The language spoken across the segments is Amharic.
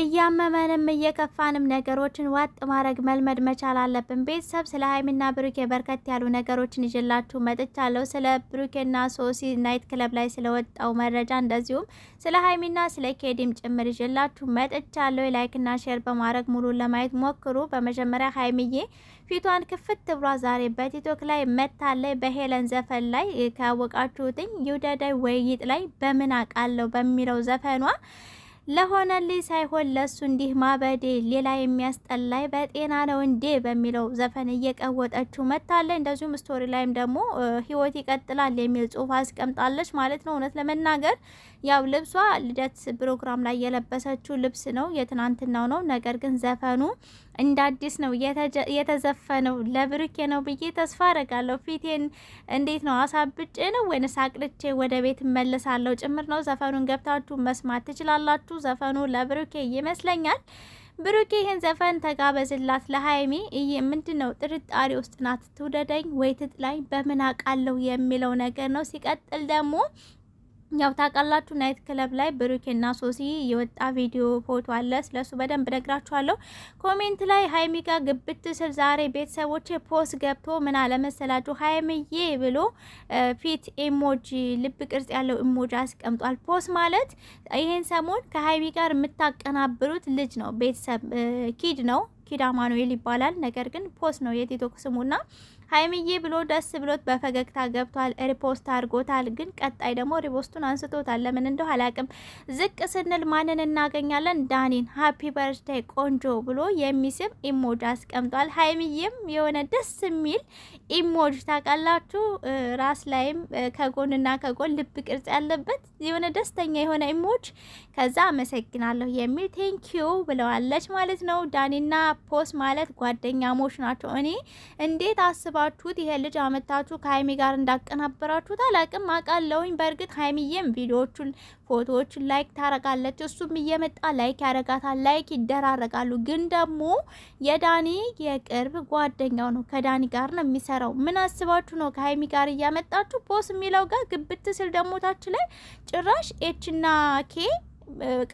እያመመንም እየከፋንም ነገሮችን ዋጥ ማድረግ መልመድ መቻል አለብን። ቤተሰብ ስለ ሀይሚና ብሩኬ በርከት ያሉ ነገሮችን ይዤላችሁ መጥቻለሁ። ስለ ብሩኬና ሶሲ ናይት ክለብ ላይ ስለወጣው መረጃ እንደዚሁም ስለ ሀይሚና ስለ ኬዲም ጭምር ይዤላችሁ መጥቻለሁ። ላይክና ሼር በማድረግ ሙሉ ለማየት ሞክሩ። በመጀመሪያ ሀይሚዬ ፊቷን ክፍት ብሏ ዛሬ በቲክቶክ ላይ መታለይ በሄለን ዘፈን ላይ ካወቃችሁትኝ ይውደዳይ ወይይጥ ላይ በምን አቃለው በሚለው ዘፈኗ ለሆነልኝ ሳይሆን ለሱ እንዲህ ማበዴ ሌላ የሚያስጠላይ በጤና ነው እንዴ በሚለው ዘፈን እየቀወጠችው መታለች። እንደዚሁም ስቶሪ ላይም ደግሞ ህይወት ይቀጥላል የሚል ጽሁፍ አስቀምጣለች ማለት ነው። እውነት ለመናገር ያው ልብሷ ልደት ፕሮግራም ላይ የለበሰችው ልብስ ነው፣ የትናንትናው ነው። ነገር ግን ዘፈኑ እንደ አዲስ ነው የተዘፈነው። ለብርኬ ነው ብዬ ተስፋ አረጋለሁ። ፊቴን እንዴት ነው አሳብጬ ነው ወይንስ አቅልቼ ወደ ቤት መለሳለሁ ጭምር ነው። ዘፈኑን ገብታችሁ መስማት ትችላላችሁ። ዘፈኑ ለብሩኬ ይመስለኛል። ብሩኬ ይህን ዘፈን ተጋበዝላት ለሀይሚ እይ ምንድን ነው ጥርጣሬ ውስጥ ናት። ትውደደኝ ወይ ትጥላኝ በምን አውቃለሁ የሚለው ነገር ነው። ሲቀጥል ደግሞ ያው ታውቃላችሁ ናይት ክለብ ላይ ብሩኬና ሶሲ የወጣ ቪዲዮ ፎቶ አለ። ስለሱ በደንብ ነግራችኋለሁ። ኮሜንት ላይ ሀይሚጋ ግብት ስል ዛሬ ቤተሰቦች ፖስት ገብቶ ምን አለመሰላችሁ ሀይምዬ ብሎ ፊት ኢሞጂ ልብ ቅርጽ ያለው ኢሞጂ አስቀምጧል። ፖስት ማለት ይህን ሰሞን ከሀይሚ ጋር የምታቀናብሩት ልጅ ነው ቤተሰብ ኪድ ነው ኪድ አማኑኤል ይባላል። ነገር ግን ፖስት ነው የቲክቶክ ስሙና ሀይሚዬ ብሎ ደስ ብሎት በፈገግታ ገብቷል። ሪፖስት አድርጎታል። ግን ቀጣይ ደግሞ ሪፖስቱን አንስቶታል። ለምን እንደው አላቅም። ዝቅ ስንል ማንን እናገኛለን? ዳኒን ሀፒ በርዝዴይ ቆንጆ ብሎ የሚስም ኢሞጅ አስቀምጧል። ሀይሚዬም የሆነ ደስ የሚል ኢሞጅ ታውቃላችሁ፣ ራስ ላይም ከጎንና ከጎን ልብ ቅርጽ ያለበት የሆነ ደስተኛ የሆነ ኢሞጅ ከዛ አመሰግናለሁ የሚል ቴንኪዩ ብለዋለች ማለት ነው። ዳኒና ፖስ ማለት ጓደኛሞች ናቸው። እኔ እንዴት አስባ ካሰባችሁት ይሄ ልጅ አመታችሁ ከሀይሚ ጋር እንዳቀናበራችሁት አላቅም አቃለውኝ። በእርግጥ ሀይሚዬም ቪዲዮዎቹን፣ ፎቶዎችን ላይክ ታረጋለች፣ እሱም እየመጣ ላይክ ያረጋታል፣ ላይክ ይደራረጋሉ። ግን ደግሞ የዳኒ የቅርብ ጓደኛው ነው፣ ከዳኒ ጋር ነው የሚሰራው። ምን አስባችሁ ነው ከሀይሚ ጋር እያመጣችሁ ቦስ የሚለው ጋር ግብት ስል ደሞታችን ላይ ጭራሽ ኤችና ኬ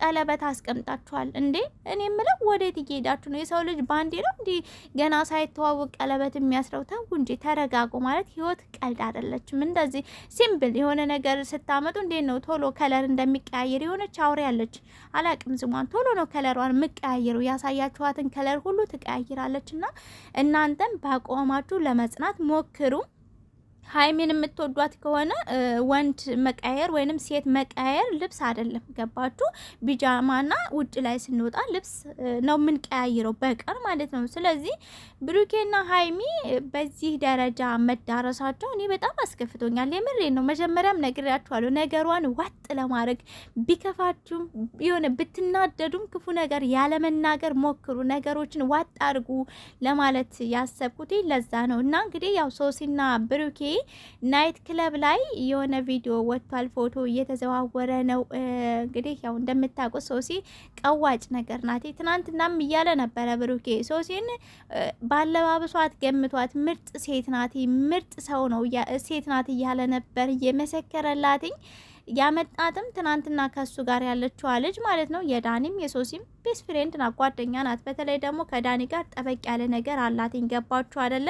ቀለበት አስቀምጣችኋል እንዴ? እኔ የምለው ወዴት እየሄዳችሁ ነው? የሰው ልጅ ባንዴ ነው እንዲ ገና ሳይተዋወቅ ቀለበት የሚያስረው? ተው እንጂ ተረጋጉ። ማለት ህይወት ቀልድ አይደለችም። እንደዚህ ሲምብል የሆነ ነገር ስታመጡ እንዴት ነው ቶሎ ከለር እንደሚቀያየር የሆነች አውሬ ያለች አላቅም ስሟን፣ ቶሎ ነው ከለሯን የምቀያየሩ። ያሳያችኋትን ከለር ሁሉ ትቀያይራለች። እና እናንተም በአቋማችሁ ለመጽናት ሞክሩ። ሀይሜን የምትወዷት ከሆነ ወንድ መቀየር ወይንም ሴት መቀየር ልብስ አይደለም። ገባችሁ? ቢጃማና ውጭ ላይ ስንወጣ ልብስ ነው የምንቀያይረው በቀር ማለት ነው። ስለዚህ ብሩኬና ሀይሚ በዚህ ደረጃ መዳረሳቸው እኔ በጣም አስከፍቶኛል። የምሬ ነው። መጀመሪያም ነግሬያችኋለሁ። ነገሯን ዋጥ ለማድረግ ቢከፋችሁም የሆነ ብትናደዱም ክፉ ነገር ያለመናገር ሞክሩ። ነገሮችን ዋጥ አድርጉ ለማለት ያሰብኩት ለዛ ነው እና እንግዲህ ያው ሶሲና ብሩኬ ናይት ክለብ ላይ የሆነ ቪዲዮ ወጥቷል። ፎቶ እየተዘዋወረ ነው። እንግዲህ ያው እንደምታውቁት ሶሲ ቀዋጭ ነገር ናት። ትናንትናም እያለ ነበረ ብሩኬ ሶሲን ባለባበሷ ገምቷት ምርጥ ሴት ናት፣ ምርጥ ሰው ነው ሴት ናት እያለ ነበር እየመሰከረላትኝ ያመጣትም ትናንትና ከሱ ጋር ያለችዋ ልጅ ማለት ነው። የዳኒም የሶሲም ቤስት ፍሬንድ ናት፣ ጓደኛ ናት። በተለይ ደግሞ ከዳኒ ጋር ጠበቅ ያለ ነገር አላትኝ። ገባችሁ አደለ?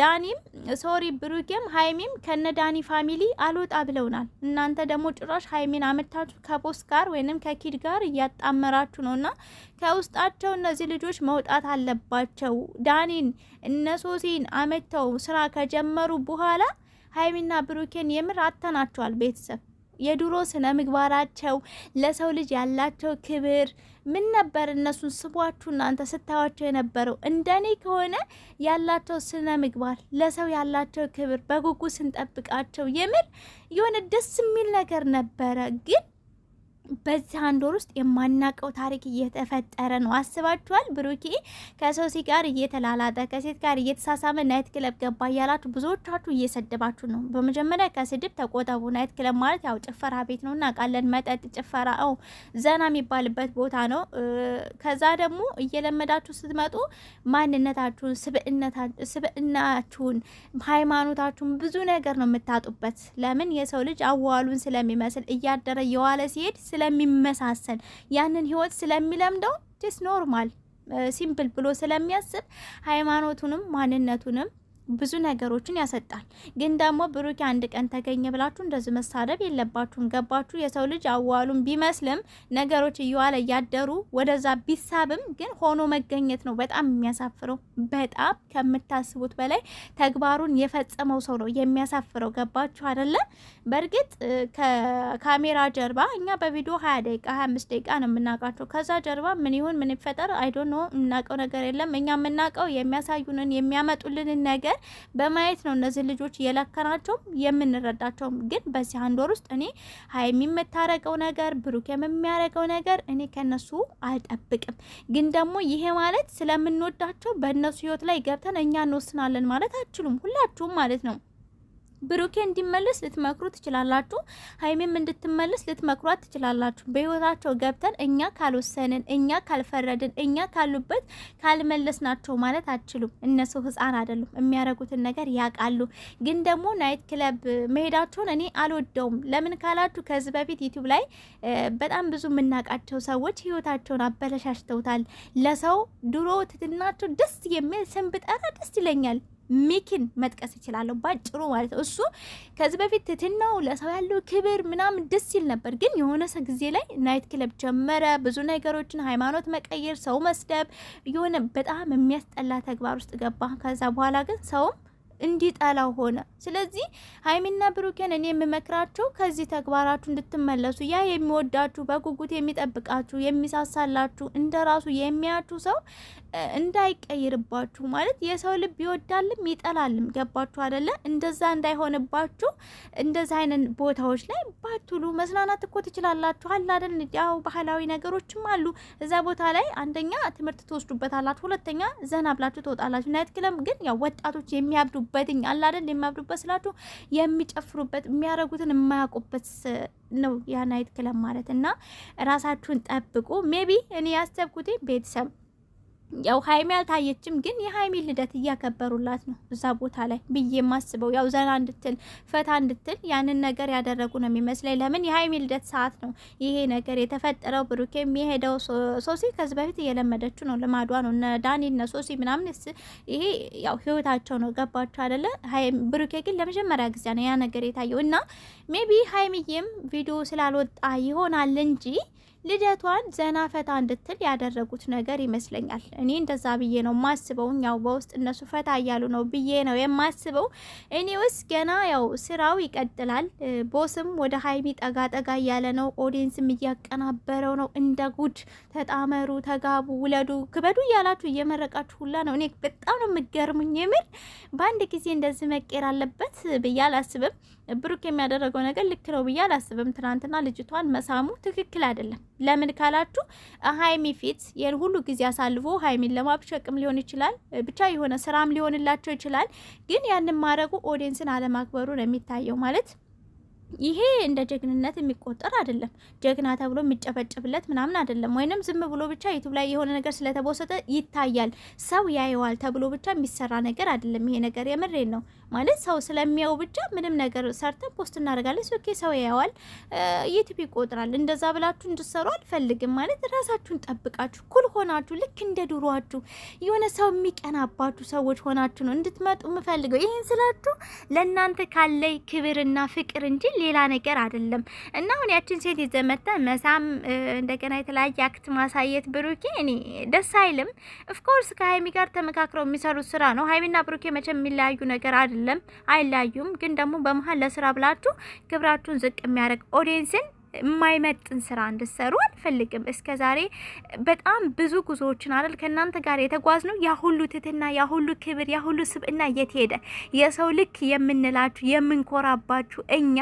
ዳኒም ሶሪ ብሩኬም ሀይሚም ከነ ዳኒ ፋሚሊ አልወጣ ብለውናል። እናንተ ደግሞ ጭራሽ ሀይሚን አመታችሁ ከቦስ ጋር ወይንም ከኪድ ጋር እያጣመራችሁ ነው። እና ከውስጣቸው እነዚህ ልጆች መውጣት አለባቸው። ዳኒን እነ ሶሲን አመተው ስራ ከጀመሩ በኋላ ሀይሚና ብሩኬን የምር አተናቸዋል ቤተሰብ የድሮ ስነ ምግባራቸው ለሰው ልጅ ያላቸው ክብር ምን ነበር? እነሱን ስቧችሁ እናንተ ስታዋቸው የነበረው እንደኔ ከሆነ ያላቸው ስነ ምግባር ለሰው ያላቸው ክብር በጉጉ ስንጠብቃቸው የምር የሆነ ደስ የሚል ነገር ነበረ ግን በዚህ አንድ ወር ውስጥ የማናቀው ታሪክ እየተፈጠረ ነው። አስባችኋል? ብሩኬ ከሰው ሲ ጋር እየተላላጠ ከሴት ጋር እየተሳሳመ ናይት ክለብ ገባ እያላችሁ ብዙዎቻችሁ እየሰደባችሁ ነው። በመጀመሪያ ከስድብ ተቆጠቡ። ናይት ክለብ ማለት ያው ጭፈራ ቤት ነው፣ ቃለን መጠጥ፣ ጭፈራ፣ ው ዘና የሚባልበት ቦታ ነው። ከዛ ደግሞ እየለመዳችሁ ስትመጡ ማንነታችሁን፣ ስብእናችሁን፣ ሃይማኖታችሁን ብዙ ነገር ነው የምታጡበት። ለምን የሰው ልጅ አዋሉን ስለሚመስል እያደረ የዋለ ሲሄድ ስለሚመሳሰል ያንን ህይወት ስለሚለምደው ስ ኖርማል ሲምፕል ብሎ ስለሚያስብ ሃይማኖቱንም ማንነቱንም ብዙ ነገሮችን ያሰጣል። ግን ደግሞ ብሩኬ አንድ ቀን ተገኘ ብላችሁ እንደዚህ መሳደብ የለባችሁም። ገባችሁ? የሰው ልጅ አዋሉን ቢመስልም ነገሮች እየዋለ እያደሩ ወደዛ ቢሳብም ግን ሆኖ መገኘት ነው በጣም የሚያሳፍረው። በጣም ከምታስቡት በላይ ተግባሩን የፈጸመው ሰው ነው የሚያሳፍረው። ገባችሁ አይደለም? በእርግጥ ከካሜራ ጀርባ እኛ በቪዲዮ ሀያ ደቂቃ ሀያ አምስት ደቂቃ ነው የምናውቃቸው። ከዛ ጀርባ ምን ይሁን ምን ይፈጠር አይዶ ነው የምናውቀው ነገር የለም። እኛ የምናውቀው የሚያሳዩንን የሚያመጡልንን ነገር ነገር በማየት ነው እነዚህ ልጆች የለከናቸውም የምንረዳቸውም። ግን በዚህ አንድ ወር ውስጥ እኔ ሀይሚ የምታረቀው ነገር ብሩክ የሚያረገው ነገር እኔ ከነሱ አልጠብቅም። ግን ደግሞ ይሄ ማለት ስለምንወዳቸው በእነሱ ህይወት ላይ ገብተን እኛ እንወስናለን ማለት አችሉም ሁላችሁም ማለት ነው። ብሩኬ እንዲመለስ ልትመክሩ ትችላላችሁ። ሀይሜም እንድትመለስ ልትመክሯት ትችላላችሁ። በህይወታቸው ገብተን እኛ ካልወሰንን፣ እኛ ካልፈረድን፣ እኛ ካሉበት ካልመለስ ናቸው ማለት አችሉም እነሱ ህፃን አይደሉም፣ የሚያደርጉትን ነገር ያውቃሉ። ግን ደግሞ ናይት ክለብ መሄዳቸውን እኔ አልወደውም። ለምን ካላችሁ ከዚህ በፊት ዩቲዩብ ላይ በጣም ብዙ የምናውቃቸው ሰዎች ህይወታቸውን አበለሻሽተውታል። ለሰው ድሮ ትትናቸው ደስ የሚል ስም ብጠራ ደስ ይለኛል ሚኪን መጥቀስ እችላለሁ ባጭሩ ማለት ነው። እሱ ከዚህ በፊት ትትናው ለሰው ያለው ክብር ምናምን ደስ ይል ነበር፣ ግን የሆነ ጊዜ ላይ ናይት ክለብ ጀመረ። ብዙ ነገሮችን ሃይማኖት መቀየር፣ ሰው መስደብ፣ የሆነ በጣም የሚያስጠላ ተግባር ውስጥ ገባ። ከዛ በኋላ ግን ሰውም እንዲጠላው ሆነ። ስለዚህ ሀይሚና ብሩኬን እኔ የምመክራችሁ ከዚህ ተግባራችሁ እንድትመለሱ ያ የሚወዳችሁ በጉጉት የሚጠብቃችሁ የሚሳሳላችሁ እንደ ራሱ የሚያችሁ ሰው እንዳይቀይርባችሁ ማለት የሰው ልብ ይወዳልም ይጠላልም። ገባችሁ አደለ? እንደዛ እንዳይሆንባችሁ እንደዚ አይነት ቦታዎች ላይ ባትሉ መዝናናት እኮ ትችላላችሁ። አለ ያው ባህላዊ ነገሮችም አሉ እዛ ቦታ ላይ አንደኛ ትምህርት ትወስዱበታላችሁ፣ ሁለተኛ ዘና ብላችሁ ትወጣላችሁ። ናይት ክለብ ግን ያው ወጣቶች የሚያብዱ የሚያብዱበትኝ አለ አይደል የሚያብዱበት ስላችሁ የሚጨፍሩበት የሚያረጉትን የማያውቁበት ነው ያ ናይት ክለብ ማለት እና ራሳችሁን ጠብቁ ሜቢ እኔ ያሰብኩት ቤተሰብ ያው ሀይሚ አልታየችም፣ ግን የሀይሚ ልደት እያከበሩላት ነው እዛ ቦታ ላይ ብዬ የማስበው ያው ዘና እንድትል ፈታ እንድትል ያንን ነገር ያደረጉ ነው የሚመስለኝ። ለምን የሀይሚ ልደት ሰዓት ነው ይሄ ነገር የተፈጠረው። ብሩኬ የሚሄደው ሶሲ ከዚህ በፊት እየለመደችው ነው፣ ልማዷ ነው። እነ ዳኒ እነ ሶሲ ምናምን ይሄ ያው ህይወታቸው ነው። ገባቸው አደለ? ብሩኬ ግን ለመጀመሪያ ጊዜ ነው ያ ነገር የታየው እና ሜቢ ሀይሚዬም ቪዲዮ ስላልወጣ ይሆናል እንጂ ልደቷን ዘና ፈታ እንድትል ያደረጉት ነገር ይመስለኛል። እኔ እንደዛ ብዬ ነው የማስበው። ያው በውስጥ እነሱ ፈታ እያሉ ነው ብዬ ነው የማስበው። እኔ ውስጥ ገና ያው ስራው ይቀጥላል። ቦስም ወደ ሀይሚ ጠጋ ጠጋ እያለ ነው። ኦዲየንስም እያቀናበረው ነው። እንደ ጉድ ተጣመሩ፣ ተጋቡ፣ ውለዱ፣ ክበዱ እያላችሁ እየመረቃችሁ ሁላ ነው። እኔ በጣም ነው የምገርሙኝ። የምር በአንድ ጊዜ እንደዚህ መቀየር አለበት ብዬ አላስብም። ብሩክ የሚያደረገው ነገር ልክ ነው ብዬ አላስብም። ትናንትና ልጅቷን መሳሙ ትክክል አይደለም። ለምን ካላችሁ ሀይሚ ፊት ይህን ሁሉ ጊዜ አሳልፎ ሀይሚን ለማብሸቅም ሊሆን ይችላል፣ ብቻ የሆነ ስራም ሊሆንላቸው ይችላል። ግን ያንን ማድረጉ ኦዲየንስን አለማክበሩ ነው የሚታየው ማለት ይሄ እንደ ጀግንነት የሚቆጠር አይደለም። ጀግና ተብሎ የሚጨበጨብለት ምናምን አይደለም። ወይንም ዝም ብሎ ብቻ ዩቱብ ላይ የሆነ ነገር ስለተቦሰጠ ይታያል፣ ሰው ያየዋል ተብሎ ብቻ የሚሰራ ነገር አይደለም። ይሄ ነገር የምሬን ነው። ማለት ሰው ስለሚያው ብቻ ምንም ነገር ሰርተን ፖስት እናደርጋለን። ኦኬ ሰው ያዋል፣ ዩቲዩብ ይቆጥራል። እንደዛ ብላችሁ እንድሰሩ አልፈልግም። ማለት ራሳችሁን ጠብቃችሁ ኩል ሆናችሁ ልክ እንደ ድሯችሁ የሆነ ሰው የሚቀናባችሁ ሰዎች ሆናችሁ ነው እንድትመጡ የምፈልገው። ይህን ስላችሁ ለእናንተ ካለይ ክብርና ፍቅር እንጂ ሌላ ነገር አይደለም። እና አሁን ያችን ሴት ይዘመተ መሳም እንደገና የተለያየ አክት ማሳየት ብሩኬ እኔ ደስ አይልም። ኦፍኮርስ ከሀይሚ ጋር ተመካክረው የሚሰሩት ስራ ነው። ሀይሚና ብሩኬ መቼም የሚለያዩ ነገር አይደለም። አይደለም አይለያዩም። ግን ደግሞ በመሀል ለስራ ብላችሁ ግብራችሁን ዝቅ የሚያደርግ ኦዲየንስን የማይመጥን ስራ እንድሰሩ አልፈልግም። እስከ ዛሬ በጣም ብዙ ጉዞዎችን አይደል ከእናንተ ጋር የተጓዝ ነው። ያ ሁሉ ትትና፣ ያ ሁሉ ክብር፣ ያ ሁሉ ስብዕና የት ሄደ? የሰው ልክ የምንላችሁ የምንኮራባችሁ እኛ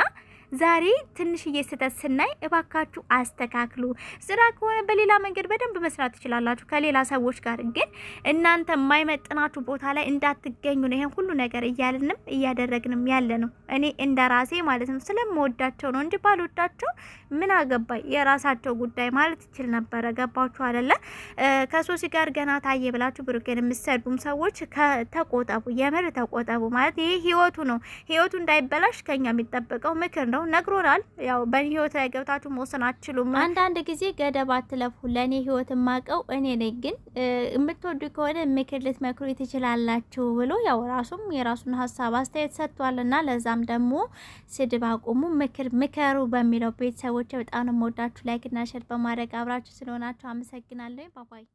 ዛሬ ትንሽዬ ስህተት ስናይ እባካችሁ አስተካክሉ። ስራ ከሆነ በሌላ መንገድ በደንብ መስራት ትችላላችሁ ከሌላ ሰዎች ጋር፣ ግን እናንተ የማይመጥናችሁ ቦታ ላይ እንዳትገኙ ነው ይሄን ሁሉ ነገር እያልንም እያደረግንም ያለ ነው። እኔ እንደ ራሴ ማለት ነው ስለምወዳቸው ነው እንጂ ባልወዳቸው ምን አገባኝ፣ የራሳቸው ጉዳይ ማለት ይችል ነበረ። ገባችሁ አይደለ? ከሶሲ ጋር ገና ታየ ብላችሁ ብሩኬን የምትሰዱም ሰዎች ተቆጠቡ፣ የምር ተቆጠቡ። ማለት ይሄ ህይወቱ ነው። ህይወቱ እንዳይበላሽ ከኛ የሚጠበቀው ምክር ነው። ነግሮናል። ያው በእኔ ህይወት ላይ ገብታችሁ መወሰን አትችሉም። አንዳንድ ጊዜ ገደብ አትለፉ። ለእኔ ህይወት የማውቀው እኔ ነኝ፣ ግን የምትወዱ ከሆነ ምክር ልትመክሩ ትችላላችሁ ብሎ ያው ራሱም የራሱን ሀሳብ አስተያየት ሰጥቷል። እና ለዛም ደግሞ ስድብ አቁሙ፣ ምክር ምከሩ በሚለው ቤተሰቦች በጣም ነው የምወዳችሁ። ላይክና ሸር በማድረግ አብራችሁ ስለሆናችሁ አመሰግናለሁ። ባባይ